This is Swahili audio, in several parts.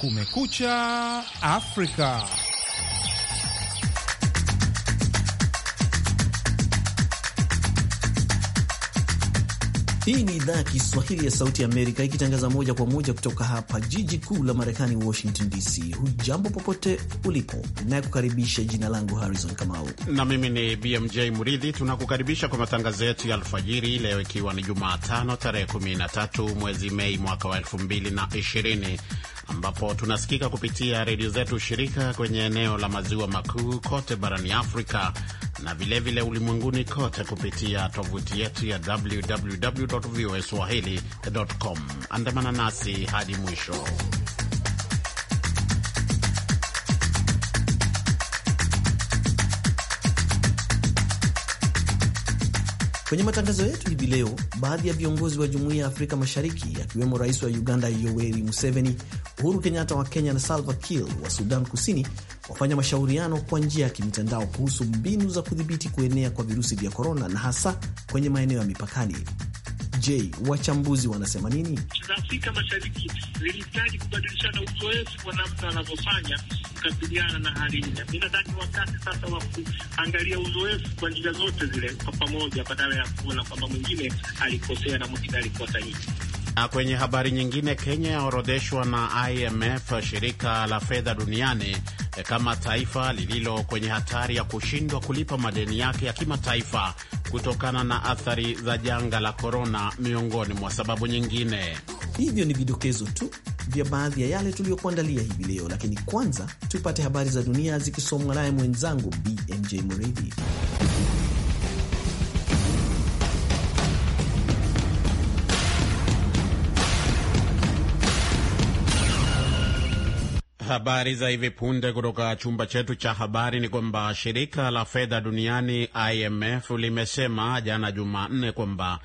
Kumekucha Afrika. Hii ni idhaa ya Kiswahili ya Sauti Amerika ikitangaza moja kwa moja kutoka hapa jiji kuu la Marekani, Washington DC. Hujambo popote ulipo, inayekukaribisha jina langu Harrison Kamau na mimi ni BMJ Muridhi. Tunakukaribisha kwa matangazo yetu ya alfajiri leo, ikiwa ni Jumatano tarehe 13 mwezi Mei mwaka wa 2020 ambapo tunasikika kupitia redio zetu shirika kwenye eneo la maziwa makuu kote barani Afrika na vilevile ulimwenguni kote kupitia tovuti yetu ya www voa swahili com. Andamana nasi hadi mwisho. Kwenye matangazo yetu hivi leo, baadhi ya viongozi wa jumuiya ya Afrika Mashariki akiwemo rais wa Uganda Yoweri Museveni, Uhuru Kenyatta wa Kenya na Salva Kiir wa Sudan Kusini wafanya mashauriano kwa njia ya kimitandao kuhusu mbinu za kudhibiti kuenea kwa virusi vya korona na hasa kwenye maeneo ya mipakani. Je, wachambuzi wanasema nini? Afrika Mashariki zilihitaji kubadilishana uzoefu kwa namna anavyofanya kukabiliana na hali ile. Mi nadhani wakati sasa wa kuangalia uzoefu kwa njia zote zile kwa pamoja, badala ya kuona kwamba mwingine alikosea na mwingine alikosa hii. Na kwenye habari nyingine, Kenya yaorodheshwa na IMF, shirika la fedha duniani E, kama taifa lililo kwenye hatari ya kushindwa kulipa madeni yake ya kimataifa kutokana na athari za janga la korona, miongoni mwa sababu nyingine. Hivyo ni vidokezo tu vya baadhi ya yale tuliyokuandalia hivi leo, lakini kwanza tupate habari za dunia zikisomwa naye mwenzangu BMJ Mridhi. Habari za hivi punde kutoka chumba chetu cha habari ni kwamba shirika la fedha duniani IMF limesema jana Jumanne kwamba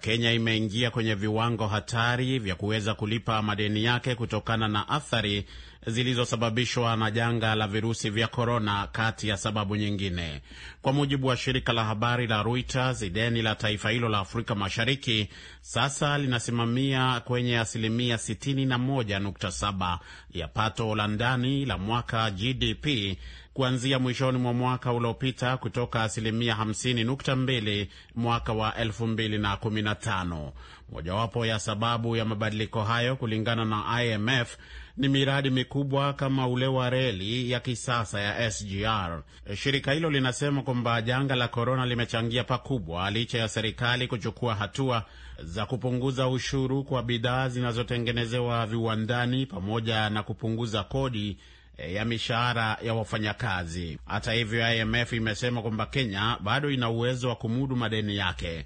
Kenya imeingia kwenye viwango hatari vya kuweza kulipa madeni yake kutokana na athari zilizosababishwa na janga la virusi vya korona, kati ya sababu nyingine. Kwa mujibu wa shirika la habari la Reuters, deni la taifa hilo la Afrika Mashariki sasa linasimamia kwenye asilimia 61.7 ya pato la ndani la mwaka GDP kuanzia mwishoni mwa mwaka uliopita kutoka asilimia 50.2 mwaka wa 2015. Mojawapo ya sababu ya mabadiliko hayo kulingana na IMF ni miradi mikubwa kama ule wa reli ya kisasa ya SGR. E, shirika hilo linasema kwamba janga la korona limechangia pakubwa, licha ya serikali kuchukua hatua za kupunguza ushuru kwa bidhaa zinazotengenezewa viwandani pamoja na kupunguza kodi e, ya mishahara ya wafanyakazi. Hata hivyo, IMF imesema kwamba Kenya bado ina uwezo wa kumudu madeni yake.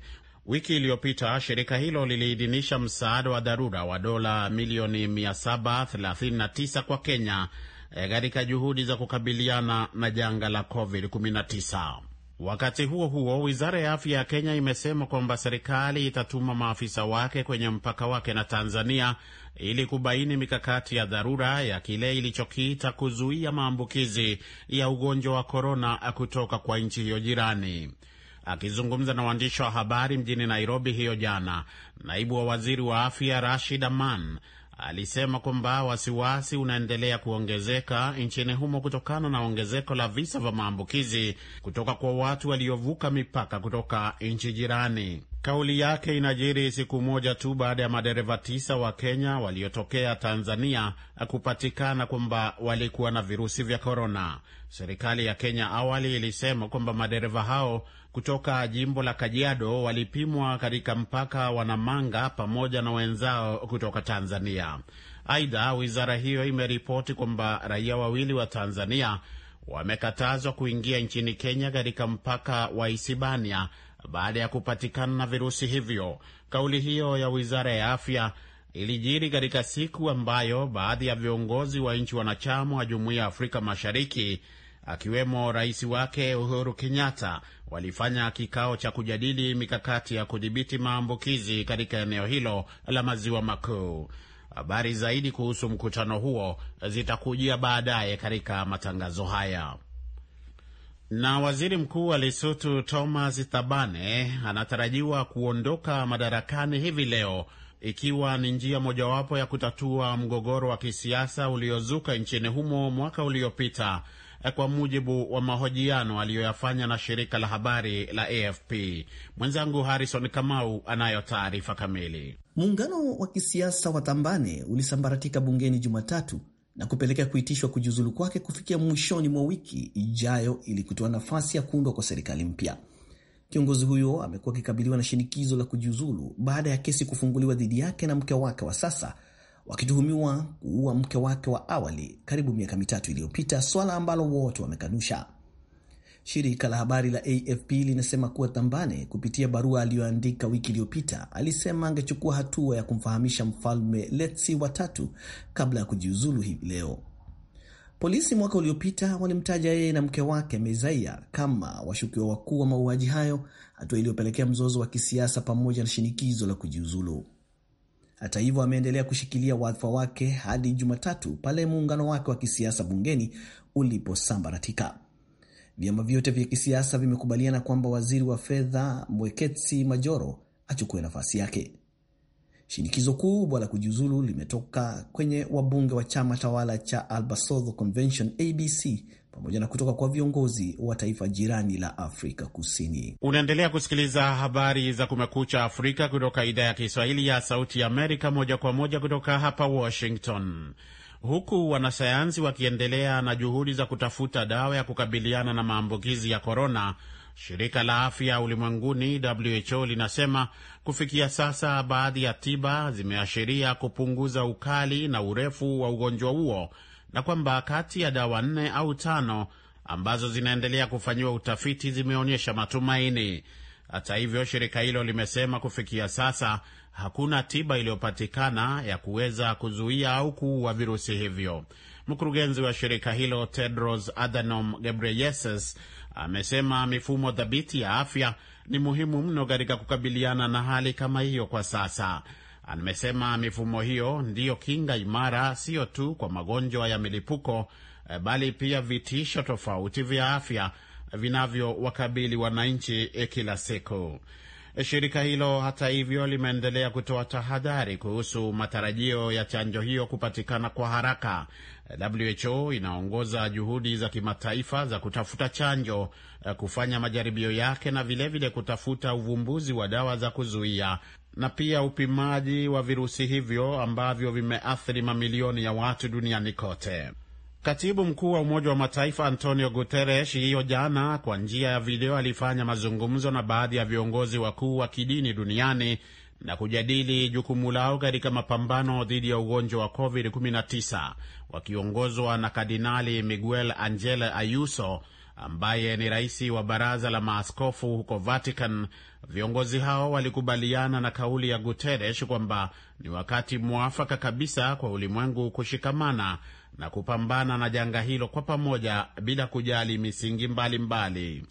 Wiki iliyopita shirika hilo liliidhinisha msaada wa dharura wa dola milioni 739 kwa Kenya eh, katika juhudi za kukabiliana na janga la COVID-19. Wakati huo huo, wizara ya afya ya Kenya imesema kwamba serikali itatuma maafisa wake kwenye mpaka wake na Tanzania ili kubaini mikakati ya dharura ya kile ilichokiita kuzuia maambukizi ya ugonjwa wa korona kutoka kwa nchi hiyo jirani. Akizungumza na waandishi wa habari mjini Nairobi hiyo jana, naibu wa waziri wa afya Rashid Aman alisema kwamba wasiwasi unaendelea kuongezeka nchini humo kutokana na ongezeko la visa vya maambukizi kutoka kwa watu waliovuka mipaka kutoka nchi jirani. Kauli yake inajiri siku moja tu baada ya madereva tisa wa Kenya waliotokea Tanzania kupatikana kwamba walikuwa na virusi vya korona. Serikali ya Kenya awali ilisema kwamba madereva hao kutoka jimbo la Kajiado walipimwa katika mpaka wa Namanga pamoja na wenzao kutoka Tanzania. Aidha, wizara hiyo imeripoti kwamba raia wawili wa Tanzania wamekatazwa kuingia nchini Kenya katika mpaka wa Isibania baada ya kupatikana na virusi hivyo. Kauli hiyo ya wizara ya afya ilijiri katika siku ambayo baadhi ya viongozi wa nchi wanachama wa Jumuiya ya Afrika Mashariki akiwemo rais wake Uhuru Kenyatta walifanya kikao cha kujadili mikakati ya kudhibiti maambukizi katika eneo hilo la maziwa makuu. Habari zaidi kuhusu mkutano huo zitakujia baadaye katika matangazo haya. Na waziri mkuu wa Lesotho Thomas Thabane anatarajiwa kuondoka madarakani hivi leo ikiwa ni njia mojawapo ya kutatua mgogoro wa kisiasa uliozuka nchini humo mwaka uliopita Eh, kwa mujibu wa mahojiano aliyoyafanya na shirika la habari la AFP. Mwenzangu Harrison Kamau anayo taarifa kamili. Muungano wa kisiasa wa tambane ulisambaratika bungeni Jumatatu na kupelekea kuitishwa kujiuzulu kwake kufikia mwishoni mwa wiki ijayo ili kutoa nafasi ya kuundwa kwa serikali mpya. Kiongozi huyo amekuwa akikabiliwa na shinikizo la kujiuzulu baada ya kesi kufunguliwa dhidi yake na mke wake wa sasa wakituhumiwa kuua mke wake wa awali karibu miaka mitatu iliyopita, swala ambalo wote wamekanusha. Shirika la habari la AFP linasema kuwa Thambane, kupitia barua aliyoandika wiki iliyopita, alisema angechukua hatua ya kumfahamisha Mfalme Letsi watatu kabla ya kujiuzulu hivi leo. Polisi mwaka uliopita walimtaja yeye na mke wake Mezaia kama washukiwa wakuu wa mauaji hayo, hatua iliyopelekea mzozo wa kisiasa pamoja na shinikizo la kujiuzulu. Hata hivyo, ameendelea kushikilia wadhifa wake hadi Jumatatu pale muungano wake wa kisiasa bungeni uliposambaratika. Vyama vyote vya kisiasa vimekubaliana kwamba waziri wa fedha Mweketsi Majoro achukue nafasi yake. Shinikizo kubwa la kujiuzulu limetoka kwenye wabunge wa chama tawala cha Albasoto Convention ABC pamoja na kutoka kwa viongozi wa taifa jirani la Afrika Kusini. Unaendelea kusikiliza habari za Kumekucha Afrika kutoka idhaa ya Kiswahili ya Sauti Amerika, moja kwa moja kutoka hapa Washington. Huku wanasayansi wakiendelea na juhudi za kutafuta dawa ya kukabiliana na maambukizi ya korona, shirika la afya ulimwenguni WHO linasema kufikia sasa baadhi ya tiba zimeashiria kupunguza ukali na urefu wa ugonjwa huo na kwamba kati ya dawa nne au tano ambazo zinaendelea kufanyiwa utafiti zimeonyesha matumaini. Hata hivyo, shirika hilo limesema kufikia sasa hakuna tiba iliyopatikana ya kuweza kuzuia au kuua virusi hivyo. Mkurugenzi wa shirika hilo Tedros Adhanom Ghebreyesus amesema mifumo thabiti ya afya ni muhimu mno katika kukabiliana na hali kama hiyo kwa sasa. Amesema mifumo hiyo ndiyo kinga imara, siyo tu kwa magonjwa ya milipuko eh, bali pia vitisho tofauti vya afya vinavyowakabili wananchi eh, kila siku. Eh, shirika hilo hata hivyo limeendelea kutoa tahadhari kuhusu matarajio ya chanjo hiyo kupatikana kwa haraka. WHO inaongoza juhudi za kimataifa za kutafuta chanjo, kufanya majaribio yake na vilevile vile kutafuta uvumbuzi wa dawa za kuzuia na pia upimaji wa virusi hivyo ambavyo vimeathiri mamilioni ya watu duniani kote. Katibu mkuu wa Umoja wa Mataifa Antonio Guterres hiyo jana kwa njia ya video alifanya mazungumzo na baadhi ya viongozi wakuu wa kidini duniani na kujadili jukumu lao katika mapambano dhidi ya ugonjwa wa COVID-19 wakiongozwa na Kardinali Miguel Angel Ayuso ambaye ni rais wa baraza la maaskofu huko Vatican, viongozi hao walikubaliana na kauli ya Guterres kwamba ni wakati mwafaka kabisa kwa ulimwengu kushikamana na kupambana na janga hilo kwa pamoja bila kujali misingi mbalimbali.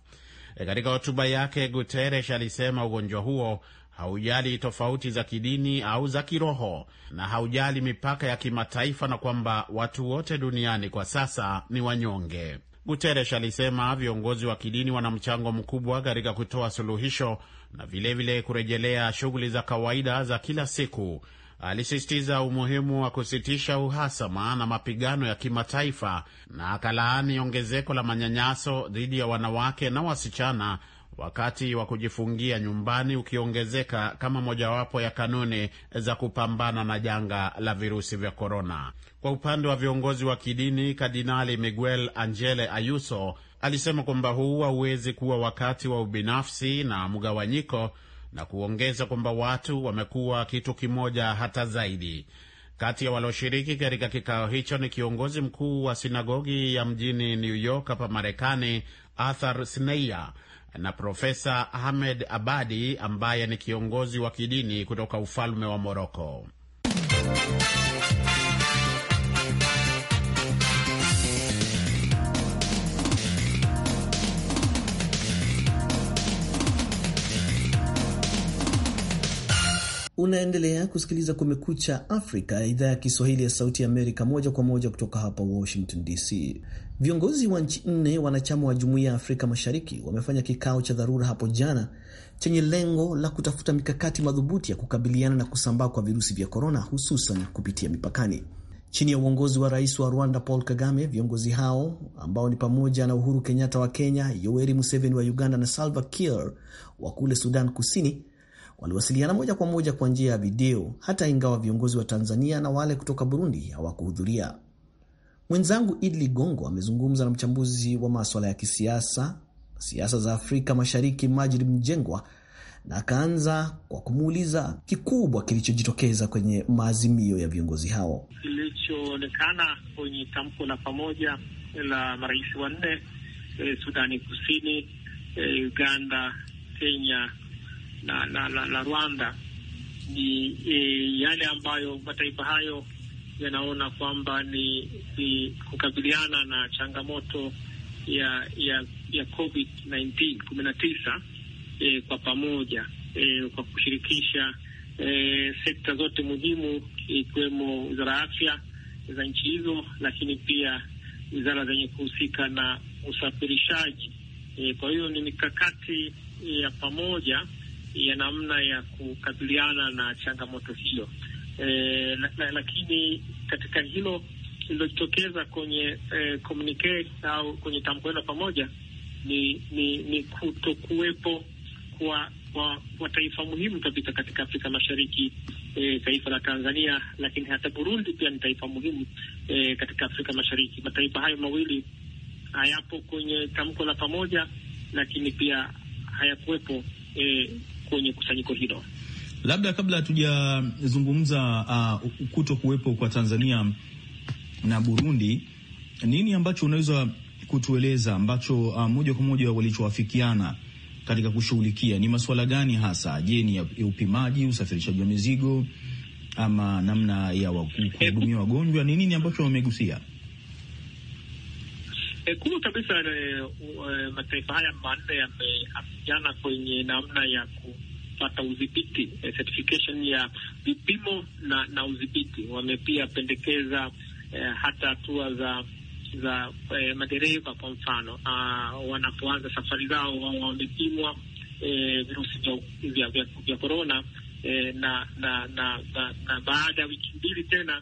E, katika hotuba yake, Guterres alisema ugonjwa huo haujali tofauti za kidini au za kiroho na haujali mipaka ya kimataifa na kwamba watu wote duniani kwa sasa ni wanyonge. Guterres alisema viongozi wa kidini wana mchango mkubwa katika kutoa suluhisho na vilevile vile kurejelea shughuli za kawaida za kila siku. Alisisitiza umuhimu wa kusitisha uhasama na mapigano ya kimataifa na akalaani ongezeko la manyanyaso dhidi ya wanawake na wasichana wakati wa kujifungia nyumbani ukiongezeka kama mojawapo ya kanuni za kupambana na janga la virusi vya korona. Kwa upande wa viongozi wa kidini, Kardinali Miguel Angele Ayuso alisema kwamba huu hauwezi kuwa wakati wa ubinafsi na mgawanyiko, na kuongeza kwamba watu wamekuwa kitu kimoja hata zaidi. Kati ya walioshiriki katika kikao hicho ni kiongozi mkuu wa sinagogi ya mjini New York hapa Marekani, Arthur Sneyer na Profesa Ahmed Abadi ambaye ni kiongozi wa kidini kutoka ufalme wa Moroko. Unaendelea kusikiliza Kumekucha Afrika ya idhaa ya Kiswahili ya Sauti ya Amerika, moja kwa moja kutoka hapa Washington DC. Viongozi wa nchi nne wanachama wa Jumuiya ya Afrika Mashariki wamefanya kikao cha dharura hapo jana chenye lengo la kutafuta mikakati madhubuti ya kukabiliana na kusambaa kwa virusi vya korona, hususan kupitia mipakani. Chini ya uongozi wa rais wa Rwanda Paul Kagame, viongozi hao ambao ni pamoja na Uhuru Kenyatta wa Kenya, Yoweri Museveni wa Uganda na Salva Kiir wa kule Sudan Kusini waliwasiliana moja kwa moja kwa njia ya video, hata ingawa viongozi wa Tanzania na wale kutoka Burundi hawakuhudhuria. Mwenzangu idli gongo amezungumza na mchambuzi wa maswala ya kisiasa, siasa za Afrika Mashariki, Majid Mjengwa, na akaanza kwa kumuuliza kikubwa kilichojitokeza kwenye maazimio ya viongozi hao. Kilichoonekana kwenye tamko la pamoja la marais wanne, eh, Sudani Kusini, eh, Uganda, Kenya na, na la, la Rwanda ni e, yale ambayo mataifa hayo yanaona kwamba ni, ni kukabiliana na changamoto ya ya, ya COVID-19 kumi na tisa e, kwa pamoja e, kwa kushirikisha e, sekta zote muhimu ikiwemo e, wizara ya afya za nchi hizo, lakini pia wizara zenye kuhusika na usafirishaji e, kwa hiyo ni mikakati ya pamoja ya namna ya kukabiliana na changamoto hiyo. E, lakini katika hilo lililojitokeza kwenye e, au kwenye tamko hilo pamoja ni ni, ni kutokuwepo kwa, kwa, kwa taifa muhimu kabisa katika Afrika Mashariki eh, taifa la Tanzania, lakini hata Burundi pia ni taifa muhimu eh, katika Afrika Mashariki. Mataifa hayo mawili hayapo kwenye tamko la pamoja, lakini pia hayakuwepo eh, kwenye kusanyiko hilo. Labda kabla hatujazungumza uh, kuto kuwepo kwa Tanzania na Burundi, nini ambacho unaweza kutueleza ambacho uh, moja kwa moja walichowafikiana katika kushughulikia ni masuala gani hasa? Je, ni ya upimaji, usafirishaji wa mizigo ama namna ya kuhudumia wagonjwa? Ni nini ambacho wamegusia? E, kubwa kabisa eh, eh, mataifa haya manne yameafikiana kwenye namna ya kupata udhibiti e, certification ya vipimo na, na udhibiti. Wamepia pendekeza e, hata hatua za za e, madereva kwa mfano ah, wanapoanza safari zao wamepimwa e, virusi vya, vya korona e, na, na, na, na, na baada ya wiki mbili tena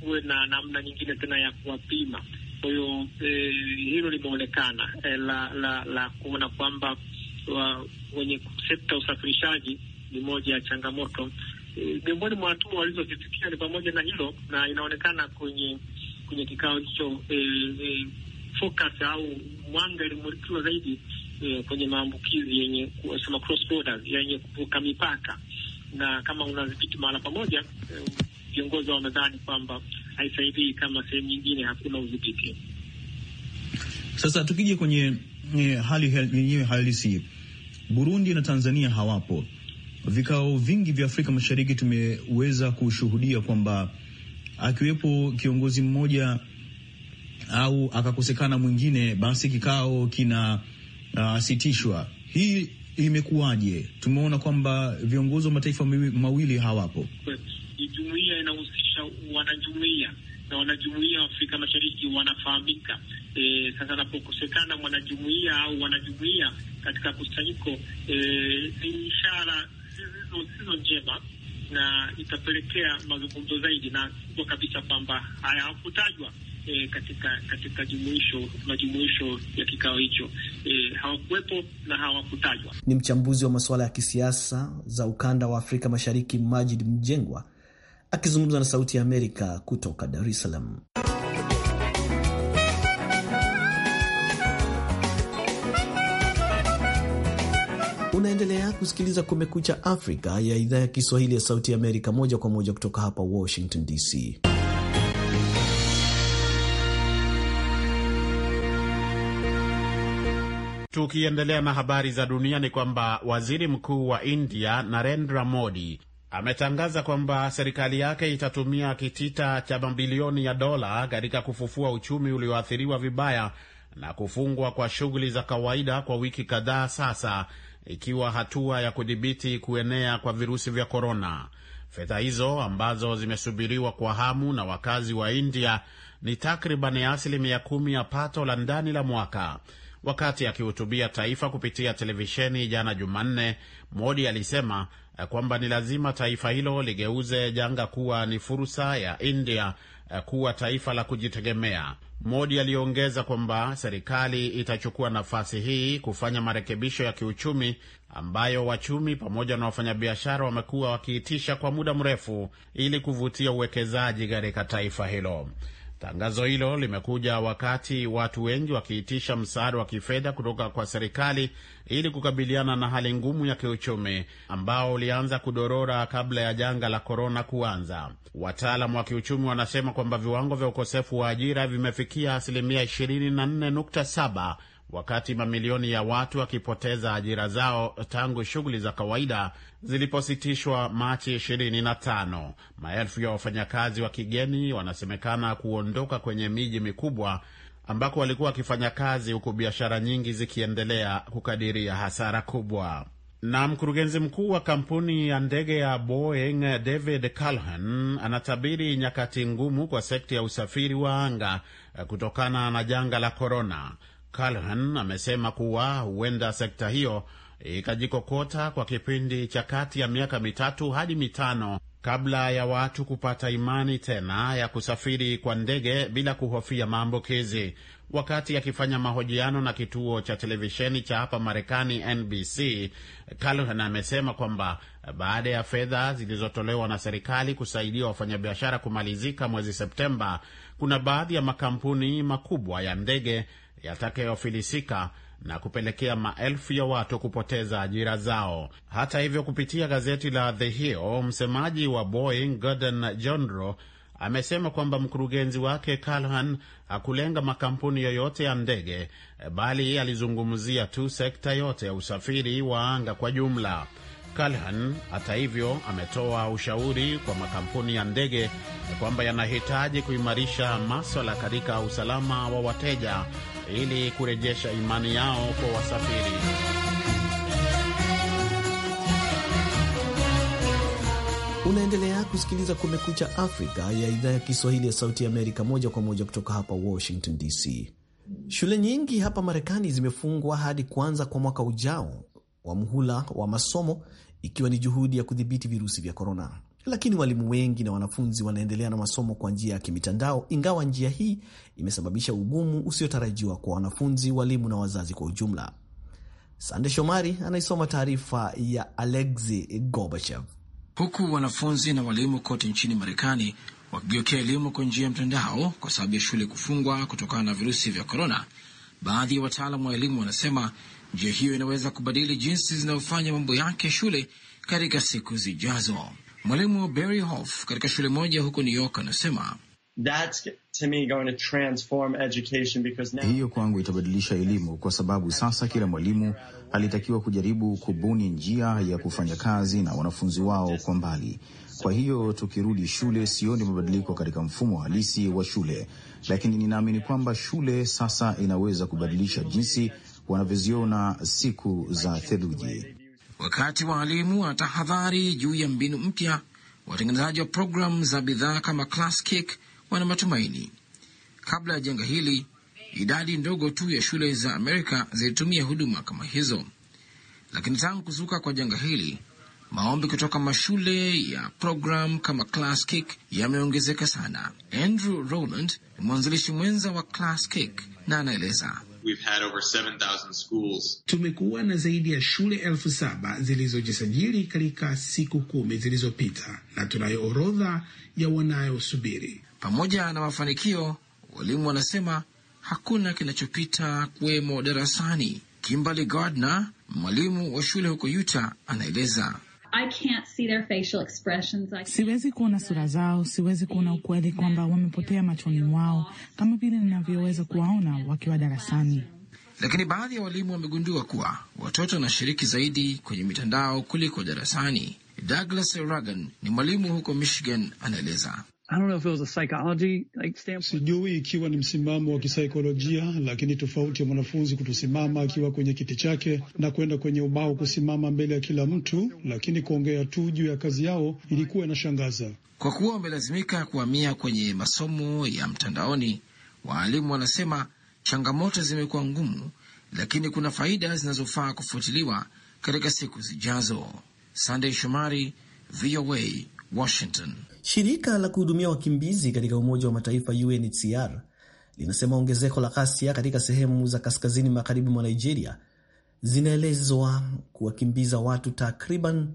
kuwe na namna nyingine tena ya kuwapima kwa hiyo eh, hilo limeonekana eh, la, la, la kuona kwamba wenye sekta usafirishaji ni moja ya changamoto eh, miongoni eh, mwa hatua walizozifikia ni pamoja na hilo, na inaonekana kwenye kwenye kikao hicho eh, eh, focus au mwanga ilimulikiwa zaidi eh, kwenye maambukizi yenye kusema cross yenye kuvuka mipaka, na kama unadhibiti mahala pamoja, eh, viongozi eh, wamedhani kwamba haisaidii kama sehemu nyingine hakuna udhibiti. Sasa tukija kwenye eh, hali yenyewe halisi, Burundi na Tanzania hawapo. Vikao vingi vya Afrika Mashariki tumeweza kushuhudia kwamba akiwepo kiongozi mmoja au akakosekana mwingine, basi kikao kina uh, sitishwa. Hii imekuwaje? Tumeona kwamba viongozi wa mataifa mawili hawapo ni jumuiya inahusisha wanajumuiya na wanajumuia wa Afrika Mashariki wanafahamika. E, sasa anapokosekana mwanajumuia au wanajumuia katika kusanyiko e, ni ishara ishara zisizo njema na itapelekea mazungumzo zaidi, na kubwa kabisa kwamba hayakutajwa e, katika katika jumuisho majumuisho ya kikao hicho e, hawakuwepo na hawakutajwa. Ni mchambuzi wa masuala ya kisiasa za ukanda wa Afrika Mashariki Majid Mjengwa akizungumza na Sauti ya Amerika kutoka Dar es Salaam. Unaendelea kusikiliza Kumekucha Afrika ya idhaa ya Kiswahili ya Sauti ya Amerika, moja kwa moja kutoka hapa Washington DC. Tukiendelea na habari za dunia, ni kwamba waziri mkuu wa India Narendra Modi ametangaza kwamba serikali yake itatumia kitita cha mabilioni ya dola katika kufufua uchumi ulioathiriwa vibaya na kufungwa kwa shughuli za kawaida kwa wiki kadhaa sasa, ikiwa hatua ya kudhibiti kuenea kwa virusi vya korona. Fedha hizo ambazo zimesubiriwa kwa hamu na wakazi wa India ni takriban asilimia kumi ya pato la ndani la mwaka. Wakati akihutubia taifa kupitia televisheni jana Jumanne, Modi alisema Eh, kwamba ni lazima taifa hilo ligeuze janga kuwa ni fursa ya India eh, kuwa taifa la kujitegemea. Modi aliongeza kwamba serikali itachukua nafasi hii kufanya marekebisho ya kiuchumi ambayo wachumi pamoja na wafanyabiashara wamekuwa wakiitisha kwa muda mrefu ili kuvutia uwekezaji katika taifa hilo. Tangazo hilo limekuja wakati watu wengi wakiitisha msaada wa kifedha kutoka kwa serikali ili kukabiliana na hali ngumu ya kiuchumi ambao ulianza kudorora kabla ya janga la korona kuanza. Wataalamu wa kiuchumi wanasema kwamba viwango vya ukosefu wa ajira vimefikia asilimia 24.7 wakati mamilioni ya watu wakipoteza ajira zao tangu shughuli za kawaida zilipositishwa Machi 25. Maelfu ya wafanyakazi wa kigeni wanasemekana kuondoka kwenye miji mikubwa ambako walikuwa wakifanya kazi, huku biashara nyingi zikiendelea kukadiria hasara kubwa. Na mkurugenzi mkuu wa kampuni ya ndege ya Boeing David Calhoun anatabiri nyakati ngumu kwa sekta ya usafiri wa anga kutokana na janga la korona. Calhan amesema kuwa huenda sekta hiyo ikajikokota kwa kipindi cha kati ya miaka mitatu hadi mitano kabla ya watu kupata imani tena ya kusafiri kwa ndege bila kuhofia maambukizi. Wakati akifanya mahojiano na kituo cha televisheni cha hapa Marekani, NBC, Calhoun amesema kwamba baada ya fedha zilizotolewa na serikali kusaidia wafanyabiashara kumalizika mwezi Septemba, kuna baadhi ya makampuni makubwa ya ndege yatakayofilisika na kupelekea maelfu ya watu kupoteza ajira zao. Hata hivyo, kupitia gazeti la The Hill, msemaji wa Boeing Gordon jonro amesema kwamba mkurugenzi wake Calhan hakulenga makampuni yoyote ya ndege, bali alizungumzia tu sekta yote ya usafiri wa anga kwa jumla. Calhan hata hivyo, ametoa ushauri kwa makampuni ya ndege kwamba yanahitaji kuimarisha maswala katika usalama wa wateja ili kurejesha imani yao kwa wasafiri. Unaendelea kusikiliza Kumekucha Afrika ya idhaa ya Kiswahili ya Sauti ya Amerika, moja kwa moja kutoka hapa Washington DC. Shule nyingi hapa Marekani zimefungwa hadi kuanza kwa mwaka ujao wa mhula wa masomo, ikiwa ni juhudi ya kudhibiti virusi vya korona lakini walimu wengi na wanafunzi wanaendelea na masomo kwa njia ya kimitandao, ingawa njia hii imesababisha ugumu usiotarajiwa kwa wanafunzi, walimu na wazazi kwa ujumla. Sande Shomari anaisoma taarifa ya Alexi Gorbachev. Huku wanafunzi na walimu kote nchini Marekani wakigeukia elimu kwa njia ya mtandao kwa sababu ya shule kufungwa kutokana na virusi vya korona, baadhi ya wataalamu wa elimu wanasema njia hiyo inaweza kubadili jinsi zinayofanya mambo yake shule katika siku zijazo. Mwalimu Barry Hoff katika shule moja huko New York anasema hiyo kwangu itabadilisha elimu kwa sababu sasa kila mwalimu alitakiwa kujaribu kubuni njia ya kufanya kazi na wanafunzi wao kwa mbali. Kwa hiyo tukirudi shule, sioni mabadiliko katika mfumo halisi wa shule, lakini ninaamini kwamba shule sasa inaweza kubadilisha jinsi wanavyoziona siku za theluji. Wakati waalimu tahadhari juu ya mbinu mpya, watengenezaji wa programu za bidhaa kama Classkick wana matumaini. Kabla ya janga hili, idadi ndogo tu ya shule za Amerika zilitumia huduma kama hizo, lakini tangu kuzuka kwa janga hili, maombi kutoka mashule ya programu kama Classkick yameongezeka sana. Andrew Rowland ni mwanzilishi mwenza wa Classkick na anaeleza we've had over 7,000 schools. Tumekuwa na zaidi ya shule elfu saba zilizojisajili katika siku kumi zilizopita na tunayo orodha ya wanayosubiri. Pamoja na mafanikio, walimu wanasema hakuna kinachopita kuwemo darasani. Kimberly Gardner, mwalimu wa shule huko Utah, anaeleza. I can't see their facial expressions. I siwezi kuona sura zao, siwezi kuona ukweli kwamba wamepotea machoni mwao kama vile ninavyoweza kuwaona wakiwa darasani. Lakini baadhi ya walimu wamegundua kuwa watoto wanashiriki zaidi kwenye mitandao kuliko darasani. Douglas Ragan ni mwalimu huko Michigan, anaeleza. I don't know if it was a psychology, like standpoint. Sijui ikiwa ni msimamo wa kisaikolojia, lakini tofauti ya mwanafunzi kutosimama akiwa kwenye kiti chake na kwenda kwenye ubao kusimama mbele ya kila mtu, lakini kuongea tu juu ya kazi yao ilikuwa inashangaza. Kwa kuwa wamelazimika kuhamia kwenye masomo ya mtandaoni, waalimu wanasema changamoto zimekuwa ngumu, lakini kuna faida zinazofaa kufuatiliwa katika siku zijazo. Sandey Shomari, VOA Washington. Shirika la kuhudumia wakimbizi katika Umoja wa Mataifa UNHCR linasema ongezeko la ghasia katika sehemu za kaskazini magharibi mwa Nigeria zinaelezwa kuwakimbiza watu takriban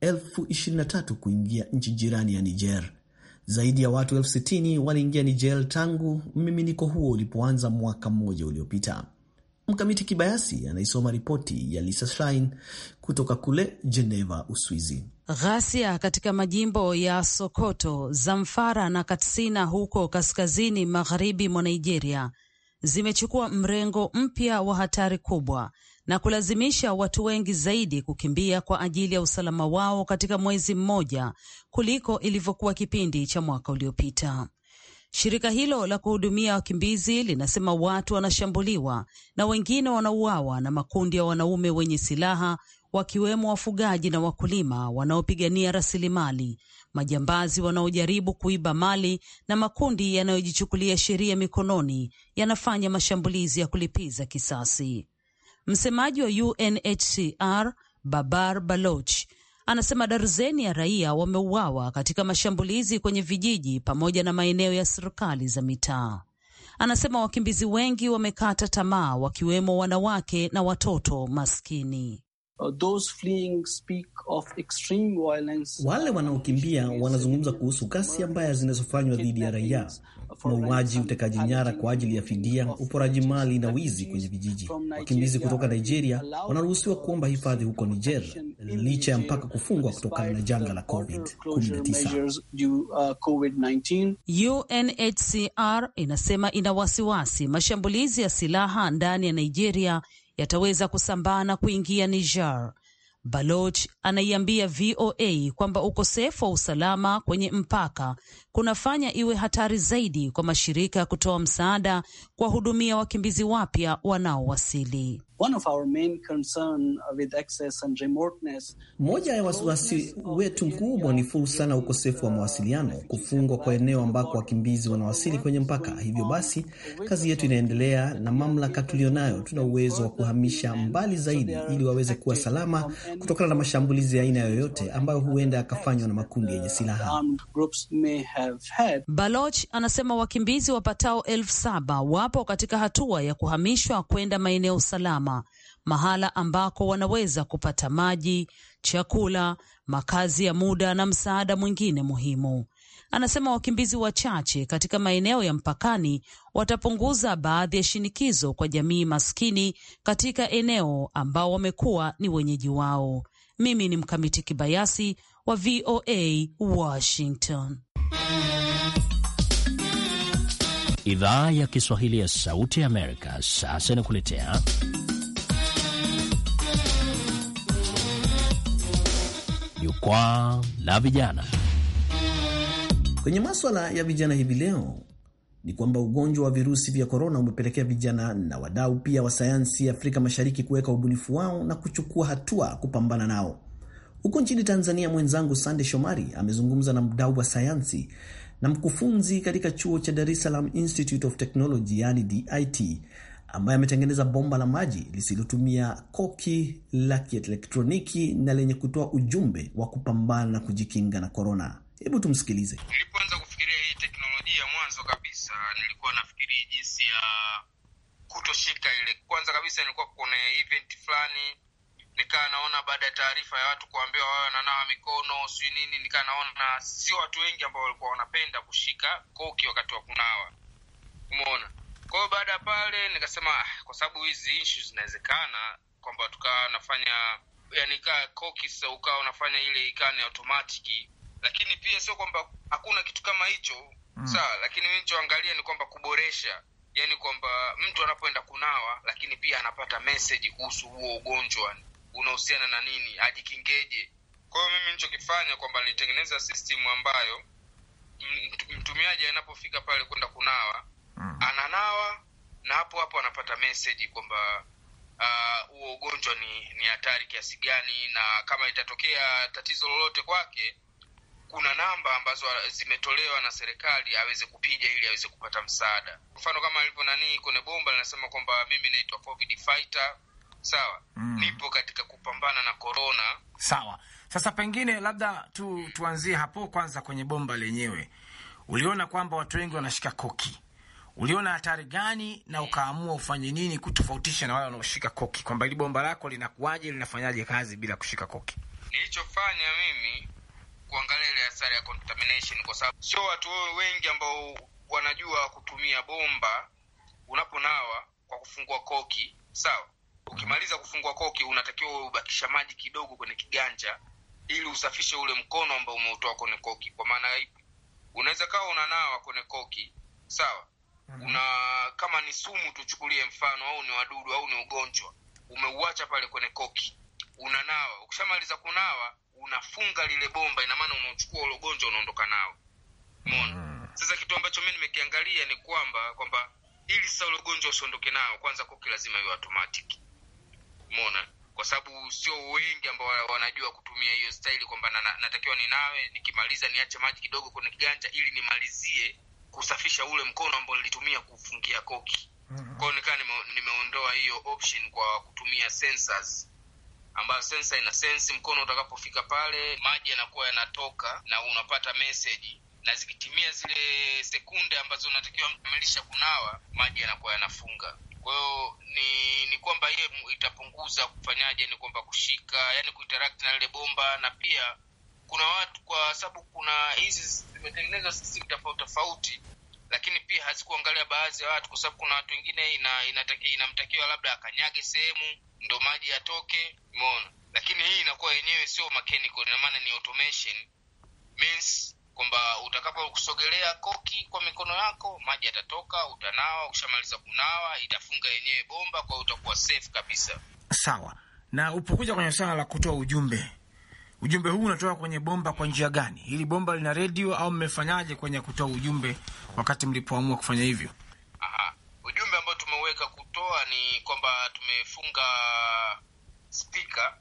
elfu 23 kuingia nchi jirani ya Niger. Zaidi ya watu elfu 60 waliingia Niger tangu mmiminiko huo ulipoanza mwaka mmoja uliopita. Mkamiti Kibayasi anaisoma ripoti ya Lisa Schlein kutoka kule Geneva, Uswizi. Ghasia katika majimbo ya Sokoto, Zamfara na Katsina huko kaskazini magharibi mwa Nigeria zimechukua mrengo mpya wa hatari kubwa na kulazimisha watu wengi zaidi kukimbia kwa ajili ya usalama wao katika mwezi mmoja kuliko ilivyokuwa kipindi cha mwaka uliopita. Shirika hilo la kuhudumia wakimbizi linasema watu wanashambuliwa na wengine wanauawa na makundi ya wanaume wenye silaha wakiwemo wafugaji na wakulima wanaopigania rasilimali, majambazi wanaojaribu kuiba mali na makundi yanayojichukulia sheria mikononi yanafanya mashambulizi ya kulipiza kisasi. Msemaji wa UNHCR Babar Baloch anasema darzeni ya raia wameuawa katika mashambulizi kwenye vijiji pamoja na maeneo ya serikali za mitaa. Anasema wakimbizi wengi wamekata tamaa, wakiwemo wanawake na watoto maskini. Uh, Wale wanaokimbia wanazungumza kuhusu kasi mbaya zinazofanywa dhidi ya raia, mauaji, utekaji nyara kwa ajili ya fidia, uporaji mali na wizi kwenye vijiji. Wakimbizi kutoka Nigeria wanaruhusiwa kuomba hifadhi huko Niger licha ya mpaka kufungwa kutokana na janga la COVID-19. UNHCR uh, inasema ina wasiwasi mashambulizi ya silaha ndani ya Nigeria yataweza kusambaa na kuingia Niger. Baloch anaiambia VOA kwamba ukosefu wa usalama kwenye mpaka kunafanya iwe hatari zaidi kwa mashirika ya kutoa msaada kuwahudumia wakimbizi wapya wanaowasili. Moja ya wasiwasi wetu mkubwa ni fursa na ukosefu wa mawasiliano, kufungwa kwa eneo ambako wakimbizi wanawasili kwenye mpaka. Hivyo basi, kazi yetu inaendelea, na mamlaka tulionayo, tuna uwezo wa kuhamisha mbali zaidi ili waweze kuwa salama kutokana na mashambulio mashambulizi ya aina yoyote ambayo huenda akafanywa na makundi yenye silaha. Baloch anasema wakimbizi wapatao elfu saba wapo katika hatua ya kuhamishwa kwenda maeneo salama, mahala ambako wanaweza kupata maji, chakula, makazi ya muda na msaada mwingine muhimu. Anasema wakimbizi wachache katika maeneo ya mpakani watapunguza baadhi ya shinikizo kwa jamii maskini katika eneo ambao wamekuwa ni wenyeji wao. Mimi ni Mkamiti Kibayasi wa VOA Washington. Idhaa ya Kiswahili ya Sauti ya Amerika sasa inakuletea Jukwaa la Vijana. Kwenye maswala ya vijana hivi leo ni kwamba ugonjwa wa virusi vya korona umepelekea vijana na wadau pia wa sayansi Afrika Mashariki kuweka ubunifu wao na kuchukua hatua kupambana nao. Huko nchini Tanzania, mwenzangu Sande Shomari amezungumza na mdau wa sayansi na mkufunzi katika chuo cha Dar es Salaam Institute of Technology, yani DIT, ambaye ametengeneza bomba la maji lisilotumia koki la kielektroniki na lenye kutoa ujumbe wa kupambana na kujikinga na korona. Hebu tumsikilize kabisa nilikuwa nafikiri jinsi ya kutoshika ile. Kwanza kabisa nilikuwa kuna event fulani nikaa naona baada ya taarifa ya watu kuambiwa wawe wananawa mikono si nini, nikaa naona sio watu wengi ambao walikuwa wanapenda kushika koki wakati wa kunawa, umeona. Kwa hiyo baada ya pale nikasema, ah, kwa sababu hizi ishu zinawezekana kwamba tukawa nafanya yani koki sasa ukawa unafanya ile ikani automatic, lakini pia sio kwamba hakuna kitu kama hicho mm. Sawa, lakini mi nichoangalia ni kwamba kuboresha, yani kwamba mtu anapoenda kunawa, lakini pia anapata meseji kuhusu huo ugonjwa unahusiana na nini, ajikingeje. Kwa hiyo mimi nichokifanya kwamba nilitengeneza system ambayo mtumiaji anapofika pale kwenda kunawa mm. ananawa na hapo hapo anapata meseji kwamba ah, huo uh, ugonjwa ni ni hatari kiasi gani, na kama itatokea tatizo lolote kwake kuna namba ambazo zimetolewa na serikali aweze kupiga ili aweze kupata msaada. Mfano kama alivyo nani kuna bomba linasema kwamba mimi naitwa COVID fighter, sawa mm. nipo katika kupambana na corona, sawa. Sasa pengine labda tu, tuanzie hapo kwanza kwenye bomba lenyewe. Uliona kwamba watu wengi wanashika koki, uliona hatari gani na ukaamua ufanye nini kutofautisha na wale wanaoshika koki, kwamba hili bomba lako linakuwaje, linafanyaje kazi bila kushika koki? Nilichofanya mimi kuangalia ile athari ya contamination, kwa sababu sio watu wengi ambao wanajua kutumia bomba. Unaponawa kwa kufungua koki, sawa, ukimaliza kufungua koki unatakiwa ubakisha maji kidogo kwenye kiganja ili usafishe ule mkono ambao umeutoa kwenye koki. Kwa maana ipi? Unaweza kawa unanawa kwenye koki, sawa, mhm. una kama ni sumu tuchukulie mfano, au ni wadudu au ni ugonjwa umeuacha pale kwenye koki, unanawa. Ukishamaliza kunawa unafunga lile bomba, ina maana unachukua ule ugonjwa unaondoka nao. Umeona? Mm. Sasa kitu ambacho mimi nimekiangalia ni kwamba kwamba ili sasa ule ugonjwa usiondoke nao, kwanza koki lazima iwe automatic. Umeona? Kwa sababu sio wengi ambao wanajua kutumia hiyo staili kwamba na, natakiwa ninawe, nikimaliza niache maji kidogo kwenye kiganja ili nimalizie kusafisha ule mkono ambao nilitumia kufungia koki. Mm-hmm. Kwa hiyo nikaa nimeondoa hiyo option kwa kutumia sensors ambayo sensa ina sensi mkono utakapofika pale, maji yanakuwa yanatoka na unapata meseji, na zikitimia zile sekunde ambazo unatakiwa mkamilisha kunawa, maji yanakuwa yanafunga. kwahiyo ni ni kwamba hiye itapunguza kufanyaje, ni kwamba kushika, yani kuinteract na lile bomba, na pia kuna watu kwa sababu kuna hizi zimetengenezwa system tofauti tofauti lakini pia hazikuangalia baadhi ya watu, kwa sababu kuna watu wengine inamtakiwa ina, ina labda akanyage sehemu ndo maji yatoke, umeona. Lakini hii inakuwa yenyewe sio mechanical, ina maana ni automation means kwamba utakapo kusogelea koki kwa mikono yako maji yatatoka, utanawa. Ukishamaliza kunawa itafunga yenyewe bomba, kwa hiyo utakuwa safe kabisa. Sawa. Na upokuja kwenye swala la kutoa ujumbe, ujumbe huu unatoka kwenye bomba kwa njia gani? Hili bomba lina redio au mmefanyaje kwenye kutoa ujumbe wakati mlipoamua kufanya hivyo? tumeweka kutoa ni kwamba tumefunga spika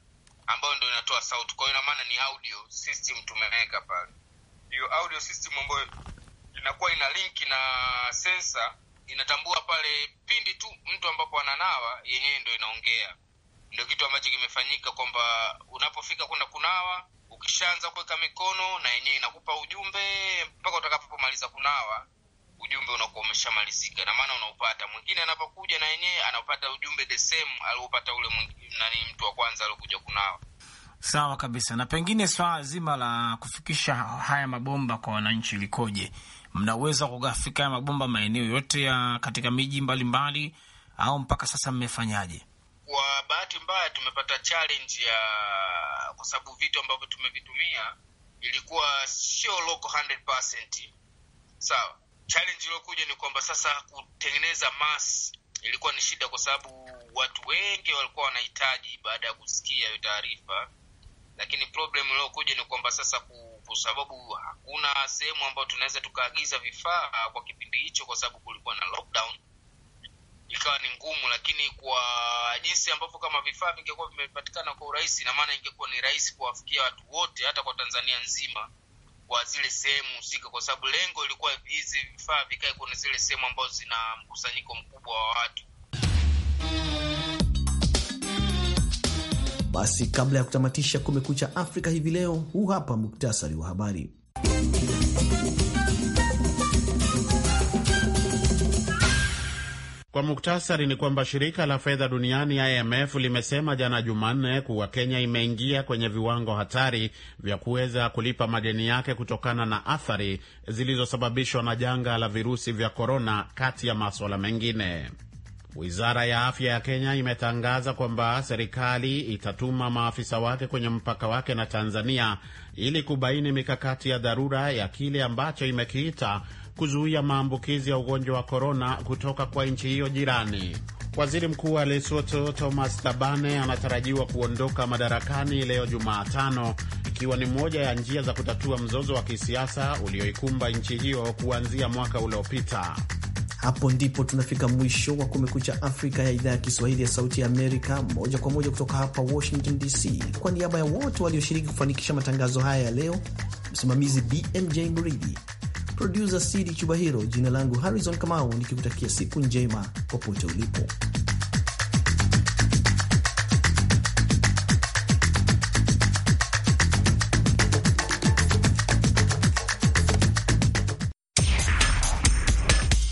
ambayo ndo inatoa sauti, kwa hiyo ina maana ni audio system tumeweka pale. Hiyo audio system ambayo inakuwa ina link na sensa, inatambua pale pindi tu mtu ambapo ananawa, yenyewe ndo inaongea. Ndio kitu ambacho kimefanyika kwamba unapofika kwenda kunawa, ukishaanza kuweka mikono na yenyewe inakupa ujumbe mpaka utakapomaliza kunawa ujumbe unakuwa umeshamalizika, na maana unaupata mwingine anapokuja na yenyewe anapata ujumbe the same aliopata ule mwingine, nani mtu wa kwanza aliokuja kunao. Sawa kabisa. Na pengine swala zima la kufikisha haya mabomba kwa wananchi likoje? Mnaweza kugafika haya mabomba maeneo yote ya katika miji mbalimbali mbali, au mpaka sasa mmefanyaje? Kwa bahati mbaya tumepata challenge ya kwa sababu vitu ambavyo tumevitumia ilikuwa sio local 100% sawa challenge iliyokuja ni kwamba sasa kutengeneza mass ilikuwa ni shida, kwa sababu watu wengi walikuwa wanahitaji baada ya kusikia hiyo taarifa, lakini problem iliyokuja ni kwamba sasa kwa sababu hakuna sehemu ambayo tunaweza tukaagiza vifaa kwa kipindi hicho, kwa sababu kulikuwa na lockdown, ikawa ni ngumu. Lakini kwa jinsi ambavyo kama vifaa vingekuwa vimepatikana kwa urahisi, na maana ingekuwa ni rahisi kuwafikia watu wote, hata kwa Tanzania nzima wa zile sehemu husika, kwa sababu lengo ilikuwa hizi vifaa vikae kwenye zile sehemu ambazo zina mkusanyiko mkubwa wa watu. Basi kabla ya kutamatisha Kumekucha Afrika hivi leo, huu hapa muktasari wa habari. Kwa muktasari ni kwamba shirika la fedha duniani IMF limesema jana Jumanne kuwa Kenya imeingia kwenye viwango hatari vya kuweza kulipa madeni yake kutokana na athari zilizosababishwa na janga la virusi vya korona, kati ya maswala mengine. Wizara ya afya ya Kenya imetangaza kwamba serikali itatuma maafisa wake kwenye mpaka wake na Tanzania ili kubaini mikakati ya dharura ya kile ambacho imekiita kuzuia maambukizi ya ugonjwa wa korona kutoka kwa nchi hiyo jirani. Waziri mkuu wa lesoto Thomas tabane anatarajiwa kuondoka madarakani leo Jumatano, ikiwa ni moja ya njia za kutatua mzozo wa kisiasa ulioikumba nchi hiyo kuanzia mwaka uliopita. Hapo ndipo tunafika mwisho wa Kumekucha Afrika ya idhaa ya Kiswahili ya Sauti ya Amerika, moja kwa moja kutoka hapa Washington DC. Kwa niaba ya wote walioshiriki kufanikisha matangazo haya ya leo, msimamizi BMJ Mridhi, produsa Sidi Chubahiro. Jina langu Harrison Kamau, nikikutakia siku njema popote ulipo.